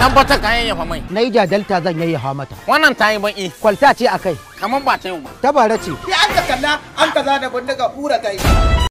Dan bata kayan fa mai. Naija Delta zan yayi mata. Wannan ta yi eh Kwalta ce akai. Kaman ba ta yi ba. Tabara ce. Sai an ka kalla an kaza da bindiga fura tayi